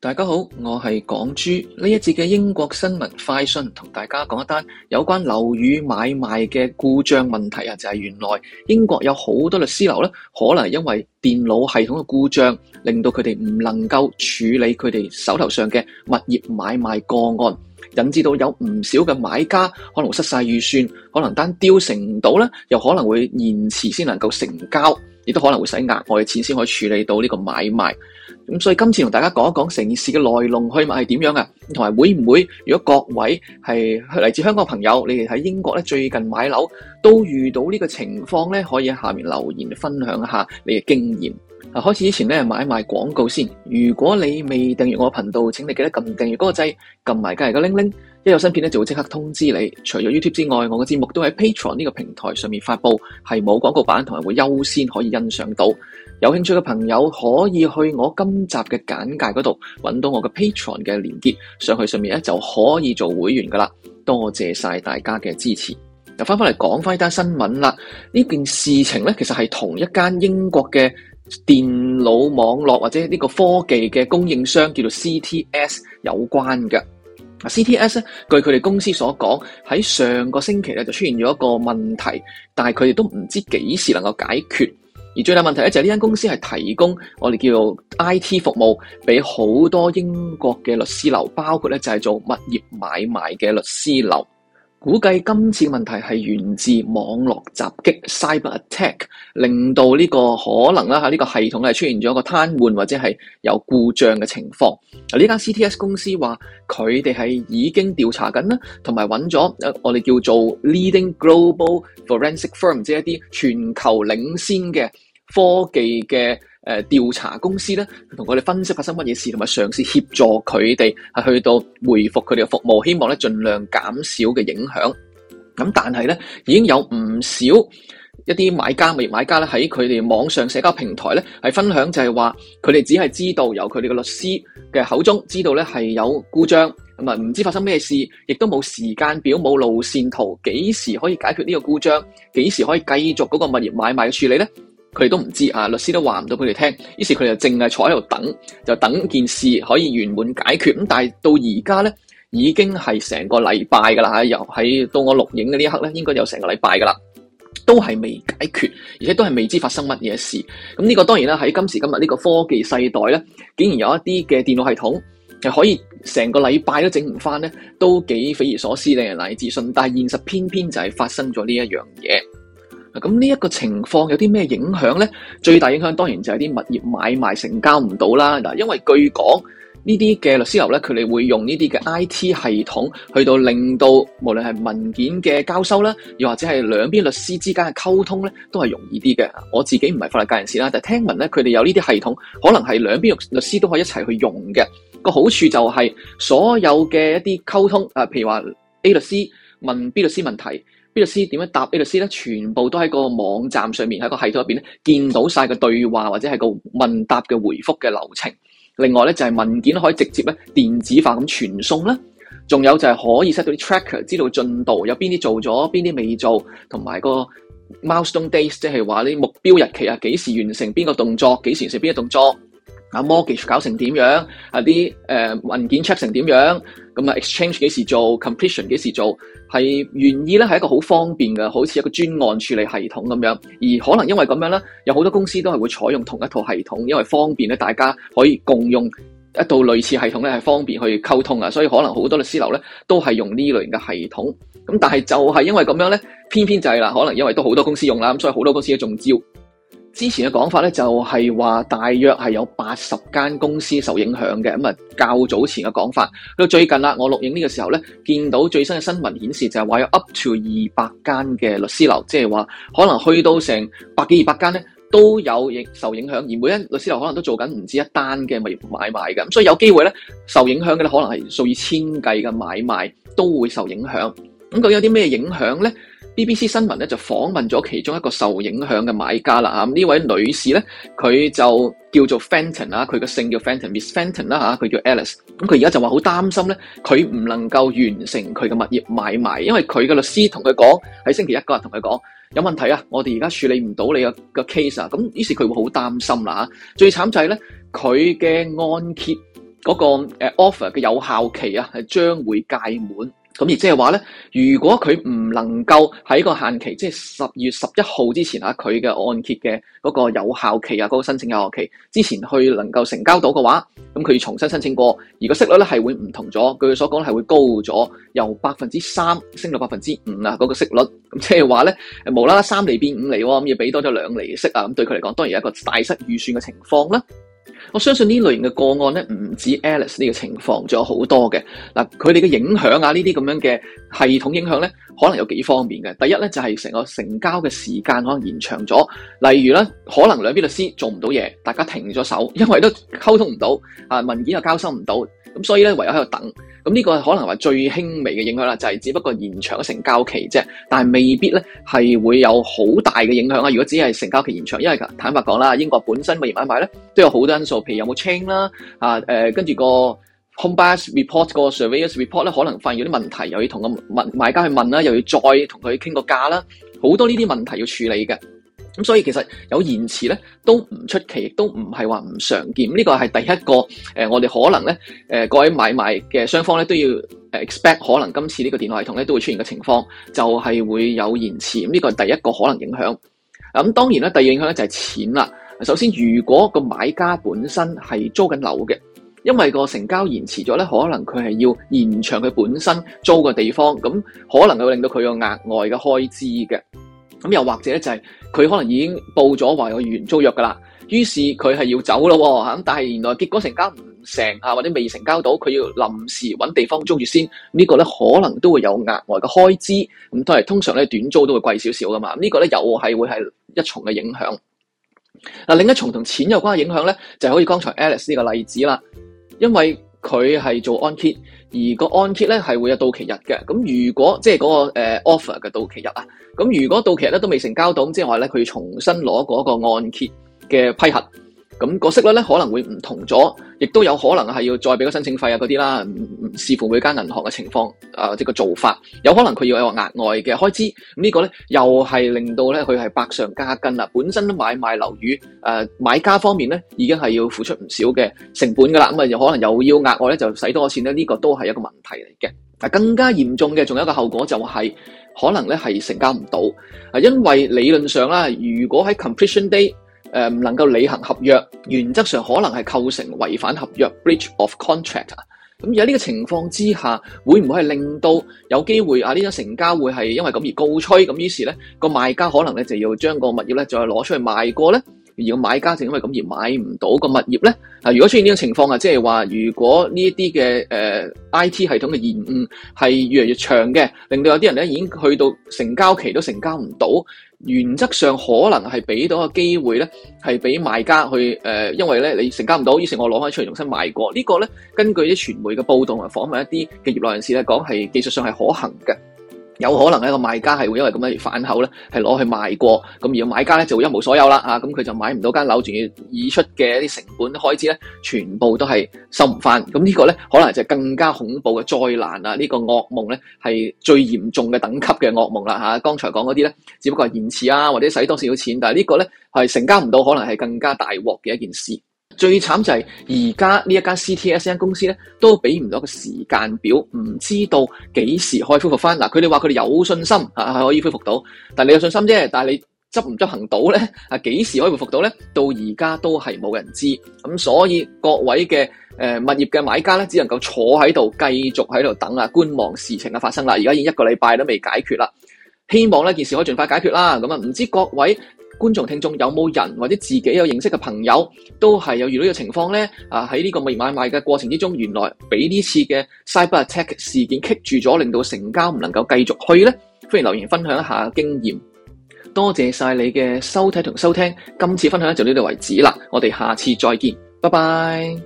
大家好，我係港豬，呢一節嘅英國新聞快訊，同大家講一單有關樓宇買賣嘅故障問題啊！就係、是、原來英國有好多律師樓咧，可能因為電腦系統嘅故障，令到佢哋唔能夠處理佢哋手頭上嘅物業買賣個案，引致到有唔少嘅買家可能失晒預算，可能單刁成唔到咧，又可能會延遲先能夠成交，亦都可能會使額外嘅錢先可以處理到呢個買賣。咁所以今次同大家講一講成件事嘅來龍去脈係點樣啊，同埋會唔會，如果各位係嚟自香港朋友，你哋喺英國咧最近買樓都遇到呢個情況咧，可以喺下面留言分享一下你嘅經驗。開始之前咧，買賣廣告先。如果你未訂閱我嘅頻道，請你記得撳訂閱嗰個掣，撳埋隔籬嘅鈴鈴，一有新片咧就會即刻通知你。除咗 YouTube 之外，我嘅節目都喺 Patreon 呢個平台上面發佈，係冇廣告版，同埋會優先可以欣賞到。有興趣嘅朋友可以去我今集嘅簡介嗰度揾到我嘅 Patreon 嘅連結，上去上面咧就可以做會員噶啦。多謝晒大家嘅支持。又翻返嚟講翻一單新聞啦。呢件事情咧，其實係同一間英國嘅。電腦網絡或者呢個科技嘅供應商叫做 CTS 有關嘅啊 CTS 呢，據佢哋公司所講，喺上個星期咧就出現咗一個問題，但係佢哋都唔知幾時能夠解決。而最大問題咧就係呢間公司係提供我哋叫做 IT 服務俾好多英國嘅律師樓，包括咧就係做物業買賣嘅律師樓。估計今次問題係源自網絡襲擊 （cyber attack），令到呢個可能啦嚇，呢個系統係出現咗一個癱瘓或者係有故障嘅情況。啊，呢間 CTS 公司話佢哋係已經調查緊啦，同埋揾咗我哋叫做 leading global forensic firm，即係一啲全球領先嘅科技嘅。誒調查公司咧，同佢哋分析發生乜嘢事，同埋嘗試協助佢哋係去到回覆佢哋嘅服務，希望咧盡量減少嘅影響。咁但係咧，已經有唔少一啲買家、物業買家咧，喺佢哋網上社交平台咧，係分享就係話，佢哋只係知道由佢哋嘅律師嘅口中知道咧係有故障，咁啊唔知發生咩事，亦都冇時間表、冇路線圖，幾時可以解決呢個故障？幾時可以繼續嗰個物業買賣嘅處理咧？佢哋都唔知啊，律師都話唔到畀佢哋聽，於是佢哋就淨係坐喺度等，就等件事可以圓滿解決。咁但係到而家咧，已經係成個禮拜噶啦嚇，又喺到我錄影嘅呢一刻咧，應該有成個禮拜噶啦，都係未解決，而且都係未知發生乜嘢事。咁呢個當然啦，喺今時今日呢個科技世代咧，竟然有一啲嘅電腦系統係可以成個禮拜都整唔翻咧，都幾匪夷所思咧。難以置信，但係現實偏偏就係發生咗呢一樣嘢。咁呢一個情況有啲咩影響呢？最大影響當然就係啲物業買賣成交唔到啦嗱，因為據講呢啲嘅律師樓呢，佢哋會用呢啲嘅 IT 系統去到令到，無論係文件嘅交收啦，又或者係兩邊律師之間嘅溝通呢，都係容易啲嘅。我自己唔係法律界人士啦，但聽聞呢，佢哋有呢啲系統，可能係兩邊律師都可以一齊去用嘅。個好處就係、是、所有嘅一啲溝通，呃、譬如話 A 律師問 B 律師問題。A 律師點樣答 A 律師咧？全部都喺個網站上面，喺個系統入邊咧，見到晒個對話或者係個問答嘅回覆嘅流程。另外咧就係文件可以直接咧電子化咁傳送啦。仲有就係可以 set 到啲 tracker 知道進度有哪些，有邊啲做咗，邊啲未做，同埋個 milestone days，即係話你目標日期啊，幾時完成邊個動作，幾時完成邊個動作。啊，mortgage 搞成點樣？啊啲誒、啊、文件 check 成點樣？咁啊，exchange 幾時做？completion 幾時做？係願意咧，係一個好方便嘅，好似一個專案處理系統咁樣。而可能因為咁樣咧，有好多公司都係會採用同一套系統，因為方便咧，大家可以共用一套類似系統咧，係方便去溝通啊。所以可能好多律師樓咧都係用呢類型嘅系統。咁但係就係因為咁樣咧，偏偏就係、是、啦，可能因為都好多公司用啦，咁所以好多公司都中招。之前嘅講法咧，就係話大約係有八十間公司受影響嘅，咁啊較早前嘅講法。到最近啦，我錄影呢個時候咧，見到最新嘅新聞顯示，就係話有 up to 二百間嘅律師樓，即係話可能去到成百幾二百間咧，都有影受影響，而每一律師樓可能都做緊唔止一單嘅買買賣嘅，咁所以有機會咧受影響嘅咧，可能係數以千計嘅買賣都會受影響。咁究竟有啲咩影響咧？BBC 新聞咧就訪問咗其中一個受影響嘅買家啦嚇，呢、啊、位女士咧，佢就叫做 Fenton 啦、啊，佢嘅姓叫 Fenton，Miss Fenton 啦、啊、嚇，佢叫 Alice、啊。咁佢而家就話好擔心咧，佢唔能夠完成佢嘅物業買賣，因為佢嘅律師同佢講喺星期一嗰日同佢講，有問題啊，我哋而家處理唔到你嘅嘅 case 啊。咁、啊、於是佢會好擔心啦嚇、啊。最慘就係咧，佢嘅按揭嗰、那個、呃、offer 嘅有效期啊，係將會屆滿。咁而即係話咧，如果佢唔能夠喺個限期，即係十月十一號之前啊，佢嘅按揭嘅嗰個有效期啊，嗰個申請有效期之前去能夠成交到嘅話，咁佢要重新申請過。而個息率咧係會唔同咗，據佢所講係會高咗，由百分之三升到百分之五啊，嗰個息率。咁即係話咧，無啦啦三厘變五厘喎，咁要俾多咗兩厘息啊！咁對佢嚟講，當然有一個大失預算嘅情況啦。我相信呢類型嘅個案呢，唔止 Alice 呢個情況，仲有好多嘅。嗱，佢哋嘅影響啊，呢啲咁樣嘅系統影響呢，可能有幾方面嘅。第一呢，就係成個成交嘅時間可能延長咗，例如呢，可能兩邊律師做唔到嘢，大家停咗手，因為都溝通唔到啊，文件又交收唔到，咁所以呢，唯有喺度等。咁呢個可能話最輕微嘅影響啦，就係、是、只不過延長成交期啫，但未必咧係會有好大嘅影響啊！如果只係成交期延長，因為坦白講啦，英國本身未買賣咧都有好多因素，譬如有冇清啦啊誒，跟、呃、住個 homebuy report 個 surveyor report 咧，可能發現有啲問題，又要同個買家去問啦，又要再同佢傾個價啦，好多呢啲問題要處理嘅。咁、嗯、所以其實有延遲咧，都唔出奇，亦都唔係話唔常見。呢、這個係第一個誒、呃，我哋可能咧誒、呃，各位買賣嘅雙方咧都要 expect 可能今次呢個電腦系統咧都會出現嘅情況，就係、是、會有延遲。呢、嗯這個係第一個可能影響。咁、嗯、當然啦，第二個影響咧就係、是、錢啦。首先，如果個買家本身係租緊樓嘅，因為個成交延遲咗咧，可能佢係要延長佢本身租嘅地方，咁可能會令到佢有額外嘅開支嘅。咁又或者就係佢可能已經報咗話有原租約噶啦，於是佢係要走咯吓。但係原來結果成交唔成啊，或者未成交到，佢要臨時揾地方租住先，呢個咧可能都會有額外嘅開支，咁都係通常咧短租都會貴少少噶嘛，呢個咧又係會係一重嘅影響。嗱另一重同錢有關嘅影響咧，就係好似剛才 Alice 呢個例子啦，因為佢係做按揭。而個按揭咧係會有到期日嘅，咁如果即係嗰個 offer 嘅到期日啊，咁如果到期日咧都未成交到之外呢，咁即係話咧佢要重新攞一個按揭嘅批核。咁個息率咧可能會唔同咗，亦都有可能係要再俾個申請費啊嗰啲啦，視乎每間銀行嘅情況啊、呃，即個個做法，有可能佢要有額外嘅開支。咁、嗯、呢、這個呢又係令到呢，佢係百上加斤啦。本身買買賣樓宇誒買家方面呢，已經係要付出唔少嘅成本㗎啦。咁啊又可能又要額外咧就使多錢呢。呢、這個都係一個問題嚟嘅。更加嚴重嘅仲有一個後果就係、是、可能呢係成交唔到啊，因為理論上啦，如果喺 completion day。誒唔能夠履行合約，原則上可能係構成違反合約 （breach of contract） 啊。咁喺呢個情況之下，會唔會係令到有機會啊？呢種成交會係因為咁而告吹，咁於是咧個賣家可能咧就要將個物業咧再攞出去賣過咧，而個買家就因為咁而買唔到個物業咧。啊，如果出現呢種情況啊，即係話如果呢一啲嘅誒 I T 系統嘅延誤係越嚟越長嘅，令到有啲人咧已經去到成交期都成交唔到。原則上可能係俾到個機會咧，係俾賣家去誒、呃，因為咧你成交唔到，於是我攞返出嚟重新賣過。這個、呢個咧根據啲傳媒嘅報道啊，訪問一啲嘅業內人士咧講，係技術上係可行嘅。有可能呢個賣家係會因為咁樣而反口呢係攞去賣過，咁而買家呢就會一無所有啦啊！咁佢就買唔到一間樓，仲要已出嘅啲成本開支呢，全部都係收唔翻。咁呢個呢，可能就更加恐怖嘅災難啊！呢個噩夢呢，係最嚴重嘅等級嘅噩夢啦嚇、啊。剛才講嗰啲呢，只不過係延遲啊，或者使多少少錢，但係呢個呢，係成交唔到，可能係更加大鑊嘅一件事。最慘就係而家呢一間 C T S N 公司咧，都俾唔到一個時間表，唔知道幾時可以恢復翻。嗱、啊，佢哋話佢哋有信心啊，可以恢復到。但係你有信心啫，但係你執唔執行到咧？啊，幾時可以恢復到咧？到而家都係冇人知。咁所以各位嘅誒、呃、物業嘅買家咧，只能夠坐喺度，繼續喺度等啊，觀望事情嘅發生啦。而家已經一個禮拜都未解決啦。希望呢件事可以盡快解決啦。咁啊，唔知各位。觀眾聽眾有冇人或者自己有認識嘅朋友，都係有遇到嘅情況呢？啊，喺呢個未買賣嘅過程之中，原來俾呢次嘅 Cyber Attack 事件棘住咗，令到成交唔能夠繼續去呢？歡迎留言分享一下經驗，多謝晒你嘅收睇同收聽。今次分享就到呢度為止啦，我哋下次再見，拜拜。